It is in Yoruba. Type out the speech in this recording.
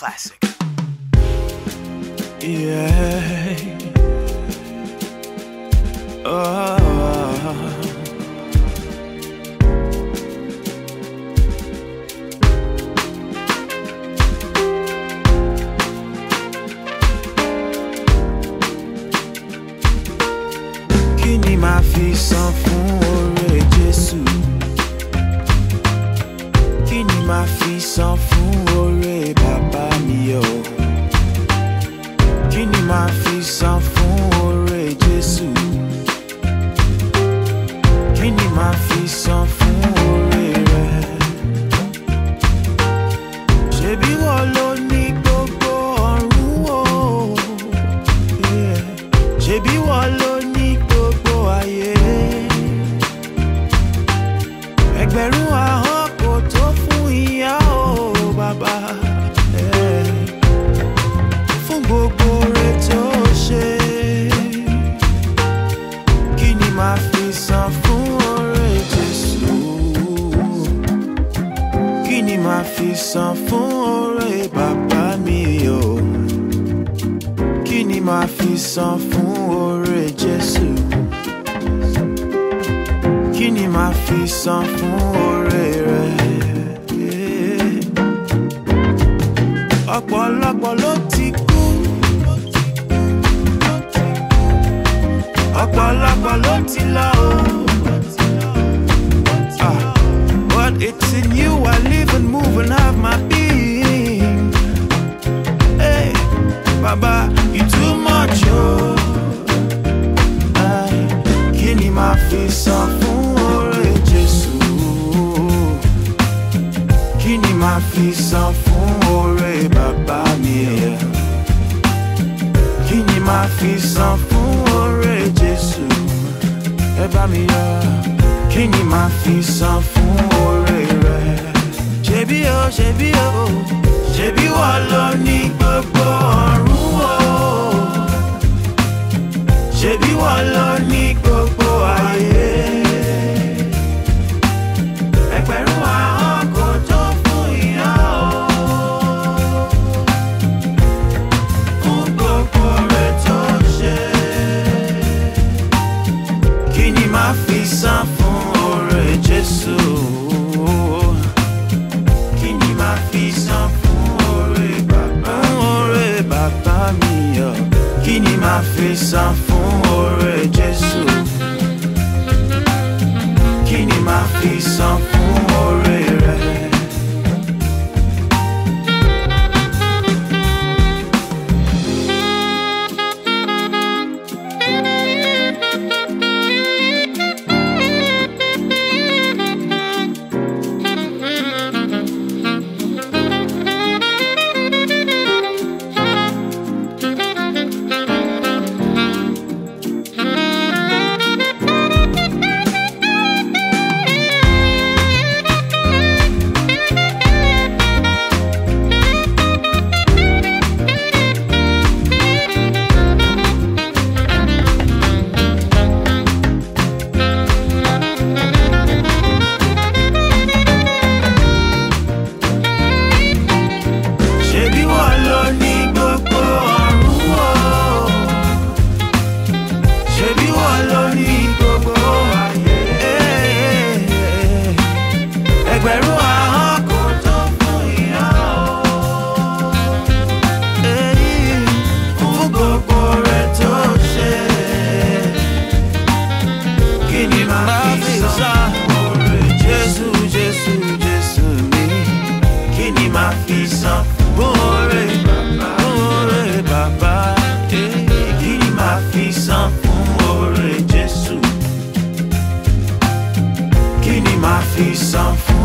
classic. Yeah. Oh. Kí ma màá fi san fún oore Jésù? Kí ni màá fi san fún oore? máa fi san fún oore Jésù kí ni màá fi san fún oore rẹ ṣebí wọ́n ló ní gbogbo ọ̀run o ṣebí wọ́n ló ní gbogbo ayé ẹgbẹ̀rún. san fún oore bàbá mi o kí ni màá fi san fún oore Jésù kí ni màá fi san fún oore rẹ. ọ̀pọ̀lọpọ̀ ló ti kú ọ̀pọ̀lọpọ̀ ló ti lọ o. my being. Hey, Baba, you too much, yo. Ay, kí ni màá fi san fún oore fún oore bàbá mi? Kí ni màá fi san fún oore Jésù? Ẹ bá mi yọ̀. Kí ni màá fi san fún? Že bi volorniku kí ni màá fi san fún oore Jésù kí ni màá fi san fún oore. fi san oore oore bàbá èyí máa fi san fún oore